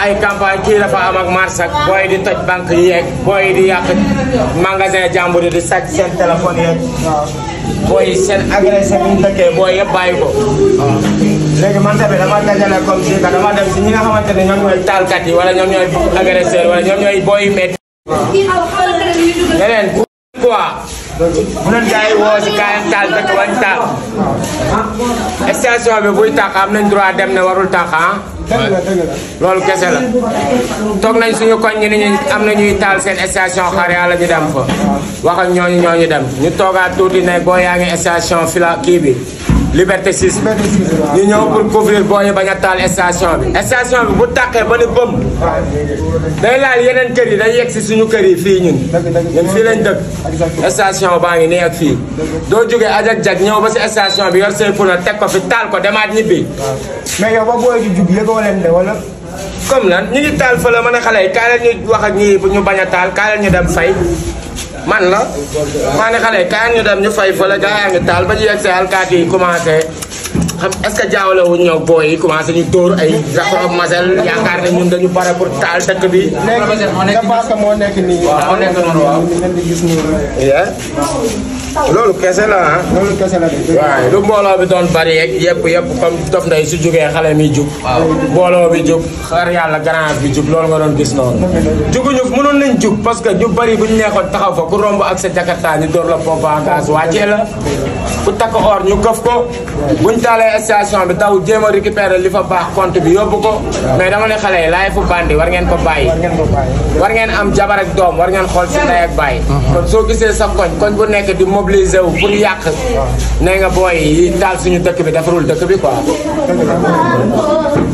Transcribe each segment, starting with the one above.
ay campagne kii dafa am ak mars ak booy di toj banque yi yeeg booy di yàq magasin jàmbur yi di sàcc seen téléphone yeeg booy seen agressé bi ñu dëkkee booy yëpp bàyyi ko léegi man tamit dama dajale comme si que dem si ñi nga xamante ne ñoom ñooy taalkat yi wala ñoom ñooy agresseur wala ñoom ñooy booy metti quoi mënoon gars yi woo si kaayam taal dëkk bañ taal station bi buy tàq am nañ droit dem ne warul tàq ah. loolu kese la toog nañ suñu koñ ñi ni am na ñuy taal seen station xar yàlla ñu dem fa wax ak ñooñu ñooñu dem ñu toogaat tuuti ne boo yaa ngi station fila kii bi. liberté 6 ñu ñëw pour couvrir boo ñu bañ a taal station bi station bi bu tàqee ba ni bëm day laal yeneen kër yi day yegg si suñu kër yi fii ñun ñun fii lañ dëkk station baa ngi nii ak fii doo jógee ajak jak ñëw ba si station bi yor say na teg ko fi taal ko demaat ñibbi mais yow ba booy ji jub yëgoo leen de wala comme lan ñu ngi taal fële mën a xale yi kaay leen ñu wax ak ñu bañ a taal kaay leen ñu dem fay man la maa ne xale kaay ñu dem ñu fay fële gaa yaa ngi daal ba ñu yegg si alkaati yi commencé xam est-ce que jaawale wuñ ñoo booy yi commencé ñu dóor ay Jacob Masel yaakaar ne ñun dañu pare pour taal dëkk bi. moo nekk waaw gis loolu kese la ah. lu mbooloo bi doon bari yeeg yëpp yëpp comme dof nday su jógee xale mi jug. mbooloo bi jug xar yàlla grand bi jug loolu nga doon gis noonu. juguñu mënoon nañ jug parce que ñu bari bu ñu nekkoon taxaw fa ku romb ak sa jakarta ñu door la pompe à gaz la. ku takk or ñu këf ko buñ talé station bi taw jéem récupérer li fa baax compte bi yobbu ko mais dama ne xalé lay fu bandi war ngeen ko bàyyi war ngeen am jabar ak dom war ngeen xol ci ndey ak bàyyi mhm. kon so gisé sa koñ koñ bu nekk di mobiliser wu pour yàq né nga boy yi tal suñu dëkk bi defarul dëkk bi quoi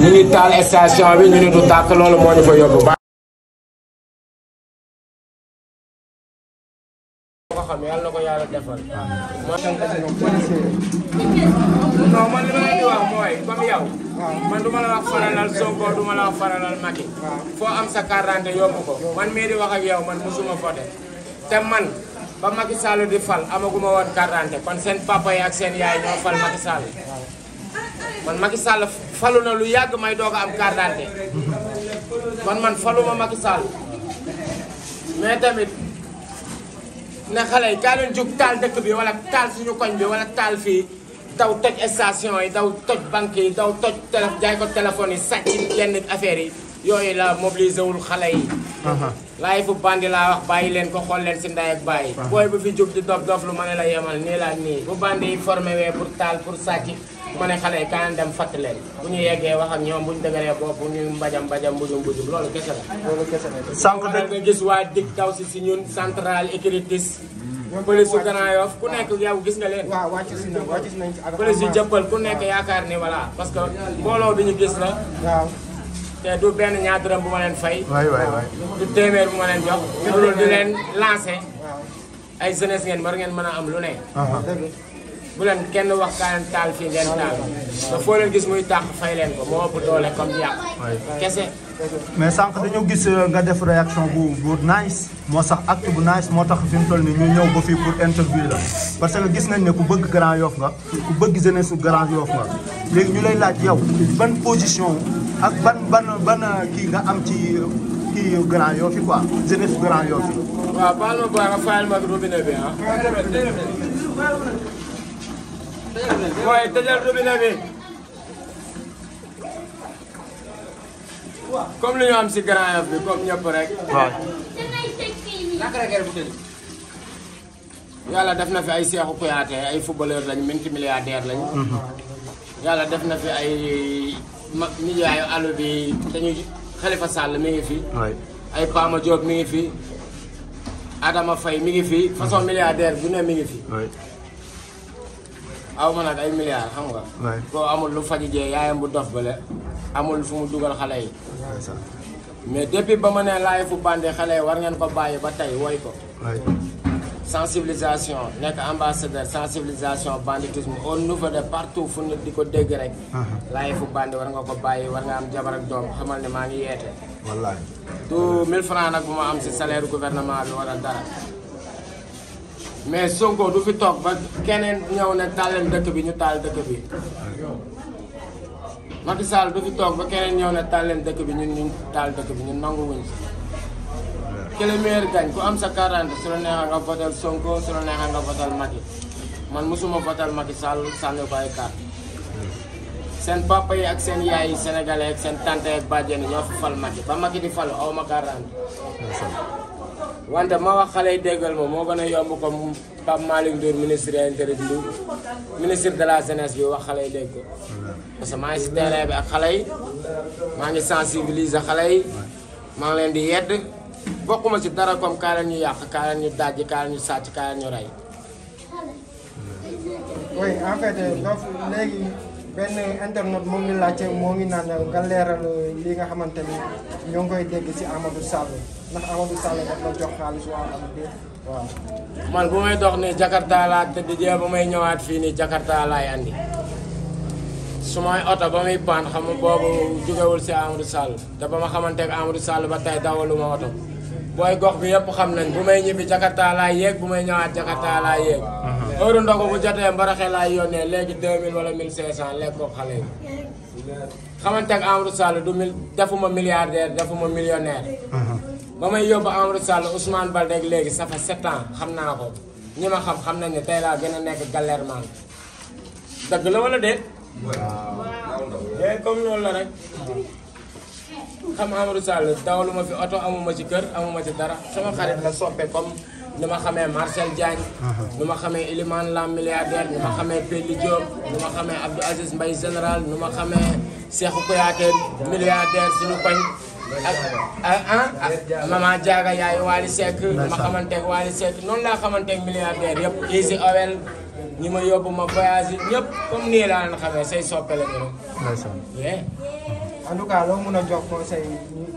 ñi ngi taal station bi ñu ni du tàkk lolu moo ñu fa yobbu xam yàlla na ko yàlla defal. waaw non man li ma leen di wax mooy comme yow. man du ma la wax faralal Sonko du ma la wax faralal Macky. foo am sa carte yóbbu ko man mii di wax ak yow man musuma fote te man. ba Macky di fal amaguma woon quarante kon seen papa yi seen yaay ñoo fal Macky man Macky falu na lu yàgg may doog am quarante kon man faluma Macky Sall mais tamit na xale yi kaa leen jóg taal dëkk bi wala taal suñu koñ bi wala taal fii daw toj station yi daw toj banque yi daw toj télé jaay ko téléphone yi sàcc yenn affaire yi yooyu la mobilisé wul xale yi. laay fu bandi laa wax bàyyi leen ko xool leen si ndaay ak bàyyi. booy bu fi jóg di dof dof lu ma ne la yemal nii la ak nii. bu bandi yi formé wee pour taal pour sàcc ma ne xale yi kaan dem fatt leen bu ñu yeggee wax ak ñoom bu ñu dëgëree bopp bu ñu mbajam mbajam mbujum mbujum loolu kese la. loolu kese la sànq de nga gis waa dig kaw si si ñun central écritis. police su Grand Yoff ku nekk yow gis na leen. waaw wàcc si nañ wàcc si nañ. police yu jëppal ku nekk yaakaar ni voilà parce que mbooloo bi ñu gis la. te du benn ñaar dërëm bu ma leen fay. waay waay waay du téeméer bu ma leen jox. loolu leen lancé. ay jeunesse ngeen war ngeen mën a am lu ne. bu leen kenn wax kaa leen taal fii ngeen taal. te foo leen gis muy tàq fay leen ko moo ëpp doole comme yàq. kese. mais sànq dañoo gis euh, nga def réaction bu bu nice moo sax acte bu nice moo tax fi mu toll nii ñu ñëw ba fii pour interview la parce que gis nañ ne ku bëgg Grand Yoff nga ku bëgg jeunesse su Grand Yoff nga léegi ñu lay laaj yow ban position ak ban ban ban kii nga am ci kii Grand Yoff quoi jeunesse Grand Yoff. waaw baal ma baax a fayal ma bi ah. waaye bi. comme li ñu am si Grand Yoff bi comme ñëpp rek. waaw. yàlla def na fi ay Cheikhou Kouyaté ay footballeur lañ multimilliardaire lañ. Mhm. yàlla def na fi ay. mag nijaayu àll bi dañuy Khalifa sàll mi ngi fi. ay Pama Diop mi ngi fi. Adama Faye mi ngi fi. façon milliardaire bu mi ngi fi. aw ma nag ay milliards xam nga. koo amul lu faj jee yaayam bu dof bale amul fu mu dugal xale yi. mais depuis ba ma ne laay fu bande xale yi war ngeen ko bàyyi ba tey woy ko. sensibilisation nekk ambassadeur sensibilisation banditisme au niveau de partout fu nit di ko dégg rek. Uh-huh. laay fu bandi war nga ko bàyyi war nga am jabar ak doom xamal ne maa ngi yeete. wallaay du 1000 nag bu ma am si salaire gouvernement bi wala dara. mais Sonko du fi toog ba keneen ñëw ne taal dëkk bi ñu taal dëkk bi. Macky Sall toog ba keneen ñëw ne taal leen dëkk bi ñun ñu taal dëkk bi ñun que le meilleur ku am sa 40 su la neexee nga votal Sonko su la neexee nga votal Macky man mosuma votal Macky Sall sànni ko ay carte seen papa yi ak seen yaay yi sénégalais ak seen tante ak bàjjen ñoo fi fal Macky ba Macky di fal aw ma 40. wante ma wax xale yi déggal ma moo gën a yomb comme Pape Malick Ndour ministre intérieur bi ministre de la jeunesse bi wax xale yi dégg ko parce que maa ngi si terrain bi ak xale yi maa ngi sensibilise xale yi maa ngi leen bokuma ci dara kom kaa leen ñu yàq kaa ñu dajji kaa leen ñu sàcc kaa leen ñu rey. oui en fait euh, donc léegi ben internet mo ngi laajte mo ngi naan euh, nga leral euh, li nga xamanteni ni koy dégg ci Amadou Sall ndax Amadou Sall daf la jox xaalis wa am déet waaw. man bu may dox nii Jakarta laa tëdd jee bu may ñëwaat fi ni Jakarta laay andi suma may oto ba muy pan xam nga boobu jugewul ci Amadou Sall da ba ma xamanté ak Amadou Sall ba tay dawaluma auto booy gox bi yëpp xam nañ bu may ñibbi Jakarta laa yéeg bu may ñëwaat Jakarta laa yéeg. Uh-huh. heure ndogu bu jotee mbaraxe laay yónnee léegi 2000 wala 1500 lekk ko xale yi. xamante ak Amadou Sall du mil defuma milliardaire defuma millionnaire. Uh-huh. ba may yóbbu Amadou Sall Ousmane Baldé léegi ça fait xam naa ko ñi ma xam xam nañ ne tey laa gën a nekk galère man dëgg la wala déet. waaw eh, comme loolu la rek. xam Amadou Sall dawaluma fi oto amuma ci kër amuma ci dara sama xarit la soppe comme ni ma xamee Marcel Diagne nu ma xamee Ilimane Lam milliardaire nu ma xamee Pelli Diop nu ma xamee Abdou Aziz Mbaye général nu ma xamee Cheikhou Kouyaté milliardaire suñu koñ ak ah, ah maman Diaga yaay Waly Seck nu ma xamanteeg Waly noonu laa xamanteeg milliardaire yëpp isi owel ñi ma yóbbu ma voyage comme nii laa leen xamee say soppe la ñu en tout cas loo mën a jox conseil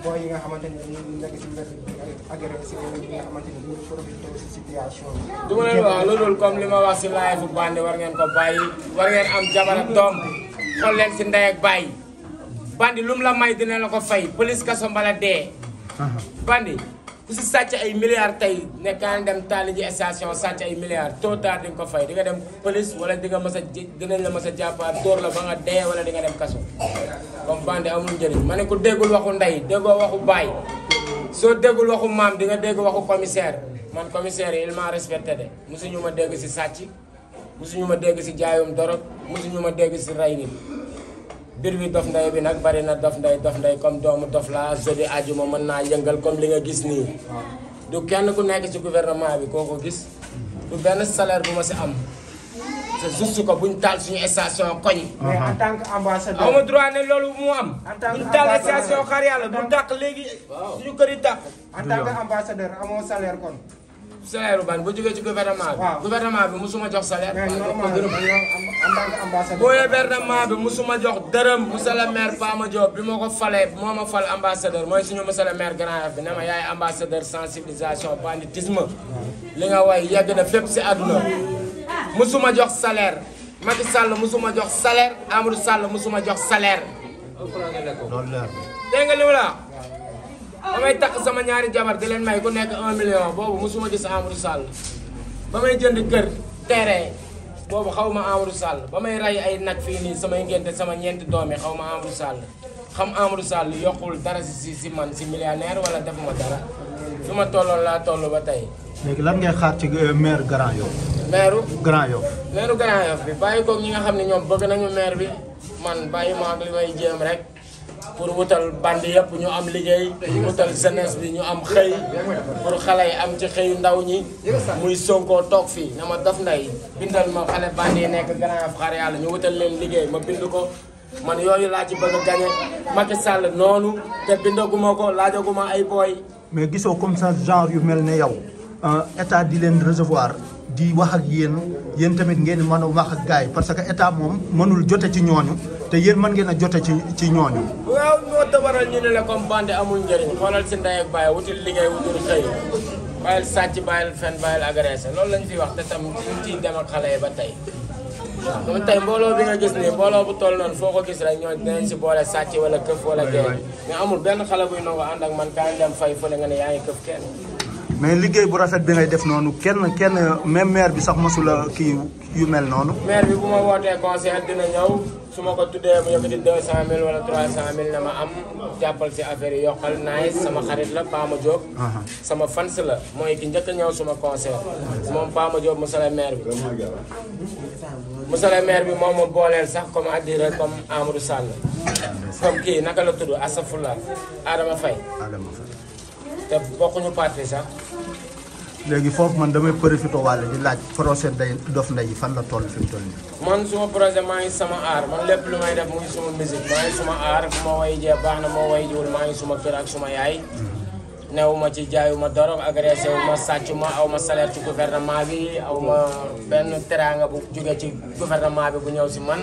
booy yi nga xamante ni ñu nekk si mbedd nga xamante si situation du ma leen loolu comme li wax si live bandi war ngeen ba bàyyi war ngeen am jabar ak doom xool leen si ndey bandi lu la may dina la ko fay police kaso mbala dee bandi. ku si sàcc ay milliards tey ne nga dem taali ji station sàcc ay milliards tôt tard di nga ko fay di nga dem police wala di nga mas a dinañ la mas a jàppaat dóor la ba nga dee wala di nga dem kaso comme bande amul njëriñ ma ne ko déggul waxu ndey déggoo waxu baay soo déggul waxu maam di nga dégg waxu commissaire man commissaire yi il m'a respecté de mosuñu ma dégg si sàcc suñu ma dégg si jaayum dorog mosuñu ma dégg si rey nit mbir mi dof nday bi nag bari na dof nday dof nday comme doomu dof laa jeudi ajuma mën naa yëngal comme li nga gis nii ah. du kenn ku nekk ci gouvernement bi koo ko gis du benn salaire bu ma si am c'est ko que buñ taal suñu station koñ. Ah. mais en tant que ambassadeur. aw yàlla bu dàq léegi. suñu kër yi dàq. en tant que salaire kon. salaire ban bu jógee ci gouvernement bi. gouvernement bi musuma jox salaire. mais gouvernement jox dërëm. monsieur le maire Fama Diop bi moo ko falee moo ma fal ambassadeur mooy suñu monsieur le maire bi ne ma yaay ambassadeur sensibilisation banditisme. li nga way yegg na fépp si ma musuma jox salaire. Macky Sall musuma jox salaire Amadou Sall musuma jox salaire. dégg nga li ma la may takk sama ñaari jabar di leen may ku nekk un million boobu mosuma gis Amadou Sall ba may jënd kër terrain boobu xaw ma Amadou Sall ba may rey ay nag fii nii samay ngénte sama ñeenti doom xaw ma Amadou Sall xam Amadou Sall yokkul dara si si man si millionnaire wala def ma dara su ma tolloon laa toll ba tey. léegi lan ngay xaar ci euh, maire Grand Yoff. maire Grand Yoff. maire Grand Yoff bi bàyyi koog ñi nga xam ne ñoom bëgg nañu maire bi man bàyyi ma ak li may jéem pour wutal band yëpp ñu am liggéey pour wutal jeunesse bi ñu am xëy pour xale yi am ci xëyu ndaw ñi muy Sonko toog fii na ma dof nday bindal ma xale band yi nekk grand xar yàlla ñu wutal leen liggéey ma bind ko man yooyu laa ci bëgg a gañe Macky Sall noonu te bindaguma ko laajaguma ay booy mais gisoo comme ça genre yu mel ne yow euh, état di leen recevoir di wax ak yéen yéen tamit ngeen mën a wax ak gars yi parce que état moom mënul jote ci ñooñu te yéen mën ngeen a jote ci ci ñooñu. waaw moo tabaral ñu ne la comme bande amul njëriñ xoolal si ndey ak bàyyi wutil liggéey wutul xëy bàyyil sàcc bàyyil fen bàyyil agressé loolu lañ fi wax te tam ñu ciy dem ak xale yi ba tey. moom tey mbooloo bi nga gis nii mbooloo bu toll noonu foo ko gis rek ñoo dinañ si boole sàcc wala këf wala géej mais amul benn xale buy nangoo ànd ak man kaay dem fay nga ne yaa mais liggéey bu rafet bi ngay def noonu kenn kenn même maire bi sax masula kii yu mel noonu. maire bi bu ma wootee conseil dina ñëw su ma ko tuddee mu yëkkati deux cent mille wala trois cent mille na ma am jàppal si affaire yi yokkal naay sama xarit la Pama sama fans la mooy ki njëkk a ñëw suma conseil moom Pama Diop monsieur maire bi. monsieur moom ma booleel sax comme addira comme Amadou Sall. comme kii naka la tudd Asafula Adama Faye. Adama Faye. te bokkuñu parti sax. léegi foofu man damay profité wàll di laaj projet day dof nday yi fan la toll fi mu toll man suma projet maa ngi sama aar man lépp lu may def mu ngi suma musique maa ngi suma aar bu ma way baax na ma way jiwul maa ngi suma kër ak suma yaay. Hmm. newu ma ci jaayuma ma dorog wu ma sàcc ma aw ma salaire ci gouvernement bi aw ma benn teraanga bu jóge ci gouvernement bi bu ñëw si man.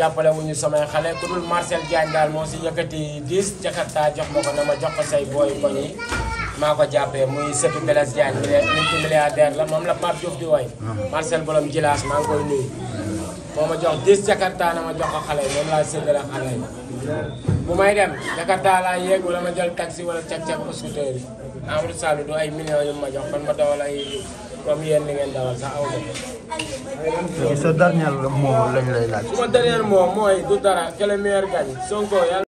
jàppale wuñu samay xale ku dul Marcel Diagne daal moo si yëkkati 10 jakarta jox ma ko na ma jox ko say booy koñ yi maa ko jàppee muy sëtu Blaise Diagne multimilliardaire la moom la Pape Diouf di woy ah. Marcel borom jilaas maa ngi koy nuyu moo ma jox 10 jakarta na ma jox ko xale yi moom laa séddale xale yi bu may dem jakarta laa yéeg wala jël taxi wala cag-cag yi Amadou Sall du ay millions yu ma jox kon ma dawal ay comme yéen ni ngeen dawal sax sa dernier mot lañ lay laaj. su ma dernier mot mooy du dara que le